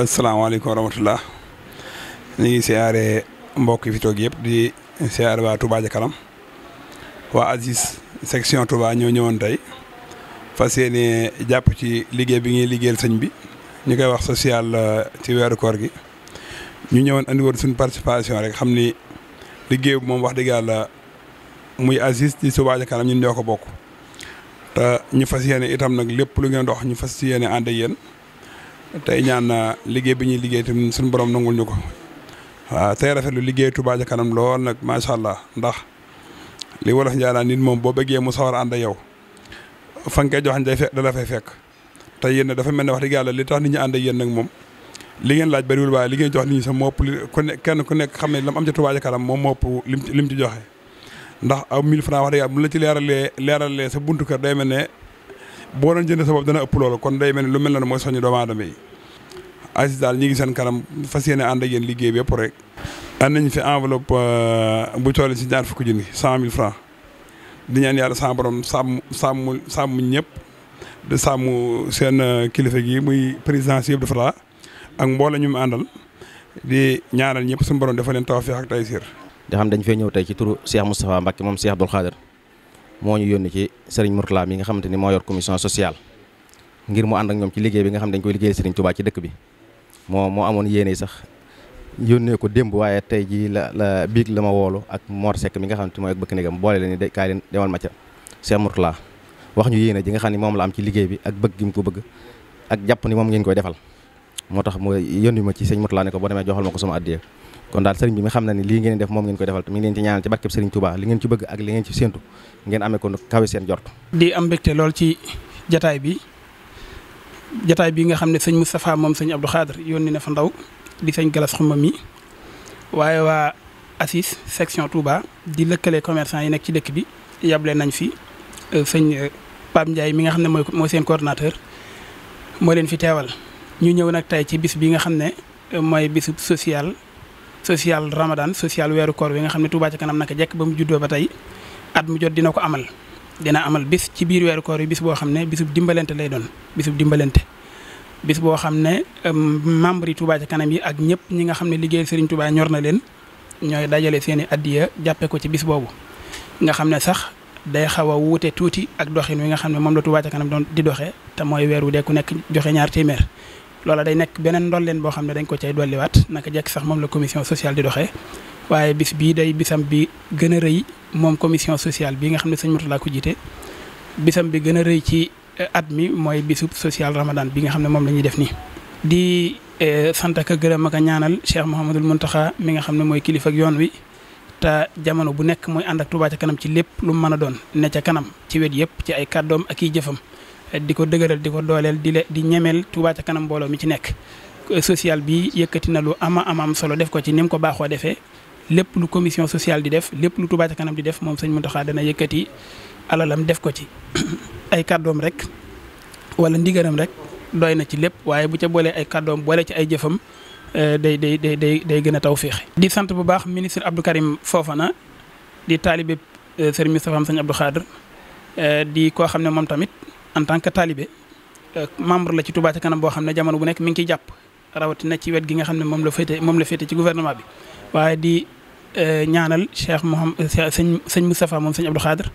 asalaamaaleykum wa rahmatulah ñu ngi siyaare mbokk yi fi toog yëpp di siyaare waa Touba ca kanam waa Aziz section Touba ñoo ñëwoon tey fas yéene jàpp ci liggéey bi ngi liggéey sëñ bi ñu koy wax social euh, ci weeru koor gi ñu ñëwoon andi woon suñu participation rek xam ni liggéey bi moom wax dëgg yàlla muy Aziz di Touba ca kanam ñun ñoo ko bokk te ñu fas yéene itam nag lépp lu ngeen dox ñu fas yéene ànd ak yéen. tey ñaan liggéey bi ñuy liggéey tamit suñu borom nangul ñu ko waaw tey rafetlu liggéey Touba ca kanam lool nag macha allah ndax li wolof njaanaan nit moom boo bëggee mu sawar ànd ak yow fa koy joxañ day fekk da fay fekk te yéen dafa mel ne wax dëgg yàlla li tax nit ñi ànd yéen nag moom li ngeen laaj bariwul waaye li ngeen jox nit ñi sax moo ëpp kenn ku nekk xam ne lam am ca Touba kanam moom moo ëpp lim ci lim ci joxe ndax aw 1000 francs wax dëgg yàlla bu la ci leeralee leeralee sa buntu kër day mel ne boo doon jënd sa bopp dana ëpp loolu kon day mel ni lu mel ne mooy soñu doomu aadama yi Aziz daal ñi ngi seen kanam fas yéene ànd ak yéen liggéey bépp rek am nañ fi enveloppe euh, bu toll si ñaar fukki junni cent mille francs di ñaan yàlla sa borom sàmm sàmm sàmm ñëpp de sàmm seen euh, kilifa gi muy présidence yëpp dafa laa ak mboolem ñu mu àndal di ñaanal ñëpp suñu borom dafa leen tawfeex ak taysiir. di xam dañ fee ñëw tey ci turu Cheikh Moustapha Mbacke moom seex Abdoul Khadir moo ñu yónni ci Serigne Mourtala mi nga xamante ni moo yor commission sociale ngir mu ànd ak ñoom ci liggéey bi nga xam ne dañ koy liggéeyal Serigne Touba ci bi moo moo amoon yéene sax yónnee ko démb waaye tey jii la la biig la ma woolu ak Mor Seck mi nga xam ne mooy ak bëkk néegam boole leen ni kaay leen demal ma ca Serigne Mourtala wax ñu yéene ji nga xam ne moom la am ci liggéey bi ak bëgg gi mu ko bëgg ak jàpp ni moom ngeen koy defal moo tax mu yónni ma ci Serigne Mourtala ne ko boo demee joxal ma ko sama addiya kon daal sëriñ bi mi xam na ni lii ngeen def moom ngeen koy defal mi ngi leen ci ñaanal ci barkeb sëriñ Touba li ngeen ci bëgg ak li ngeen ci séentu ngeen amee ko kawe seen jort di am mbégte lool ci jataay bi jataay bi nga xam ne sëñ Moustapha moom sëñ Abdou Khadre yónni na ndaw di sëñ Galas mi waaye waa ACIS section Touba di lëkkale commerçant yi nekk ci dëkk bi yable nañ fi euh, sëñ euh, Pape Ndiaye mi nga xam ne mooy seen coordonnateur moo leen fi teewal ñu ñëw nag tey ci bis bi nga xam ne euh, mooy bisu social social Ramadan social weeru koor wi nga xam ne Touba ca kanam naka jekk ba mu juddoo ba tey at mu jot dina ko amal dina amal bis ci biir weeru koor yi bis boo xam ne bisub dimbalante lay doon bisub dimbalante. bis boo xam ne euh, membre yi Touba ca kanam yi ak ñëpp ñi nga xam ne liggéey Serigne Touba ñor na leen ñooy dajale seen i addiya jàppee ko ci bis boobu nga xam ne sax. day xaw a wuute tuuti ak doxin wi nga xam ne moom la Touba ca kanam doon di doxe te mooy weer wu dee ku nekk joxe ñaar téeméer loola day nekk beneen leen boo xam ne dañ ko cay dolliwaat naka jekk sax moom la commission sociale di doxee waaye bis bii day bisam bi gën a rëy moom commission sociale bi nga xam ne sëñ Murtala ko jiite bisam bi gën a rëy ci eh, at mi mooy bisub social ramadan bi nga xam ne moom la def nii. di eh, sant ak gërëm ak ñaanal Cheikh Mouhamadul taxa mi nga xam ne mooy kilifa yoon wi te jamono bu nekk mooy ànd ak Touba ca kanam ci lépp lu mu mën a doon ne ca kanam ci wet yëpp ci ay kàddoom ak i jëfam. di ko dëgëral di ko dooleel di le di ñemeel Touba ca kanam mbooloo mi ci nekk. social bi yëkkati na lu ama amam solo def ko ci ni mu ko baaxoo defee lépp lu commission sociale di def lépp lu Touba ca kanam di def moom sañ sëñ Mountakha dana yëkkati alalam def ko ci ay kàddoom rek wala ndigaram rek doy na ci lépp waaye bu ca boolee ay kàddoom boole ci ay jëfam. Eh, day day day day day gën a taw féexe di sant bu baax ministre Abdou Karim Fofana di taalibe eh, Serigne Moustapha Sëñ Abdou Khadr eh, di koo xam ne moom tamit en tant que talibé euh, membre la ci Touba ca kanam boo xam ne jamono bu nekk mi ngi ciy jàpp rawatina ci wet gi nga xam ne moom la féete moom la féete ci gouvernement bi waaye di euh, ñaanal Cheikh Mouhamed euh, sëñ sëñ Moustapha moom sëñ Abdou Khadr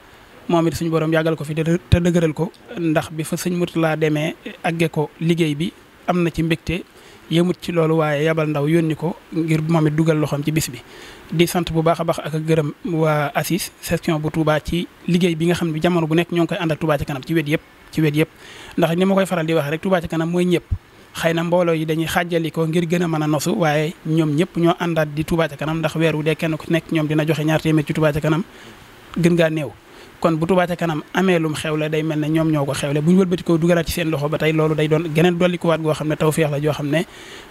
moom it suñu borom yagal ko fi te dëgëral ko ndax bi fa sëñ laa demee agge ko liggéey bi am na ci mbégte yëmut ci loolu waaye yabal ndaw yónni ko ngir moom it dugal loxoom ci bis bi. di sant bu baax a baax ak gërëm waa ACIS section bu Touba ci liggéey bi nga xam ne jamono bu nekk ñoo koy ànd ak Touba ci ci wet yëpp. ci wet yëpp ndax ni ma koy faral di wax rek Touba Ca Kanam mooy ñëpp xëy na mbooloo yi dañuy xàjjalikoo ngir gën a mën a nosu waaye ñoom ñëpp ñoo àndaat di Touba Kanam ndax weer wu dee kenn ku nekk ñoom dina joxe ñaar téeméer ci Touba ngaa néew kon bu Touba Kanam amee lum xewle day mel ne ñoom ñoo ko xewle bu ñu wëlbati koo dugalaat ci seen loxo ba tey loolu day doon geneen dollikuwaat goo xam ne tawféex la joo xam ne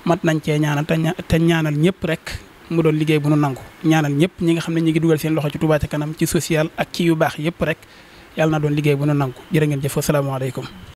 mat nañ cee ñaanal te ñaanal ñëpp rek mu doon liggéey bu nu nangu ñaanal ñëpp ñi nga xam ne ñi ngi dugal seen loxo ci Touba Ca ci social ak ci yu baax yëpp rek yàlla na doon liggéey bu nu nangu jërë ngeen jëf asalaamaaleykum